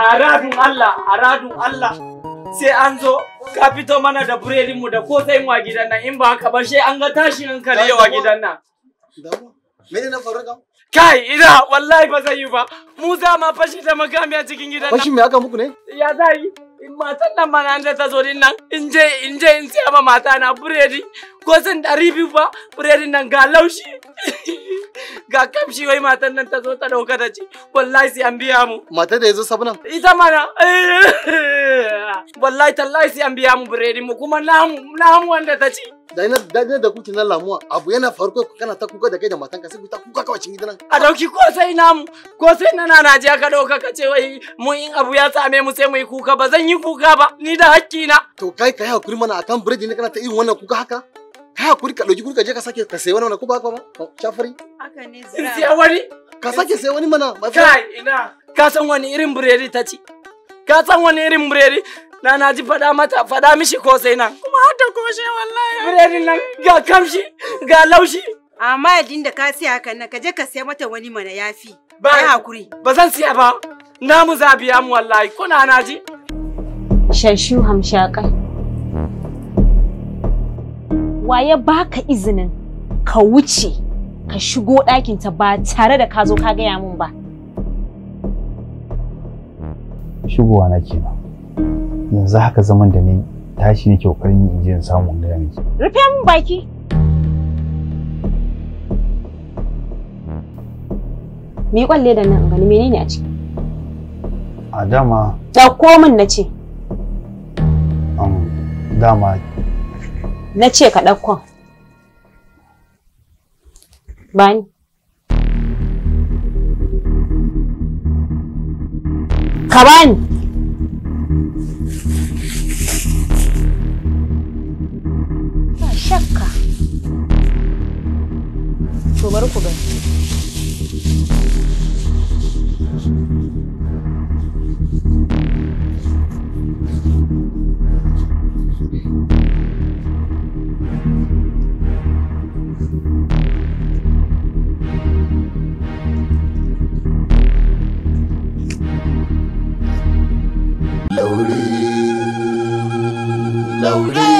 a radun Allah a radun Allah sai an zo ka fito mana da burelinmu da kotsayin wa gidan nan in ba haka ba sai an ga tashin hankali wa gidan nan mene na faru kai ina wallahi ba zai yi ba mu za ma fashi ta magamiya cikin gidan nan fashi me aka muku ne ya za yi in matan nan mana an ta zo din nan in je in je in siya ma mata na buredi ko sun ɗari biyu ba buredin nan ga laushi ga kamshi wai matan nan ta zo ta dauka da ci wallahi sai an biya mu mata da yazo sabnan ita mana eh. wallahi tallahi sai an biya mu biredin mu kuma namu namu wanda ta ci da dainar da kuke na lamuwa abu yana farko kana ta kuka da kai da matanka sai ku ta kuka kawai cikin gidan a dauki ko sai namu ko sai na na najiya ka dauka ka ce wai mu in abu ya same mu sai mu yi kuka ba zan yi kuka ba ni da hakki na to kai kai hakuri mana akan biredi ne kana ta irin wannan kuka haka ka hakuri ka dauki kaje je ka sake ka sayi wani mana ko ba haka ba shafari oh, haka ne zira sai wani ka sake sayi wani mana kai ina ka san wani irin bureri ta ci ka san wani irin bureri na na ji faɗa mata fada mishi ko sai nan kuma har da koshe wallahi burerin nan ga kamshi ga laushi amma yadin da ka siya hakan nan ka je ka siya mata wani mana yafi ba hakuri ba zan siya ba namu zabiya mu wallahi kuna na ji shashu hamshaka waye baka izinin ka wuce ka shigo ɗakinta ba tare da ka zo ka gaya min ba shigowa na kenan yanzu haka zaman da ni tashi nake kokarin in je in samu in gaya miki rufe min baki me kwalle da nan gani menene a ciki a dama da komin na ce dama na ce ka ɗakkon bani ka bani ba shakka to bari ku gani Lowly, lowly.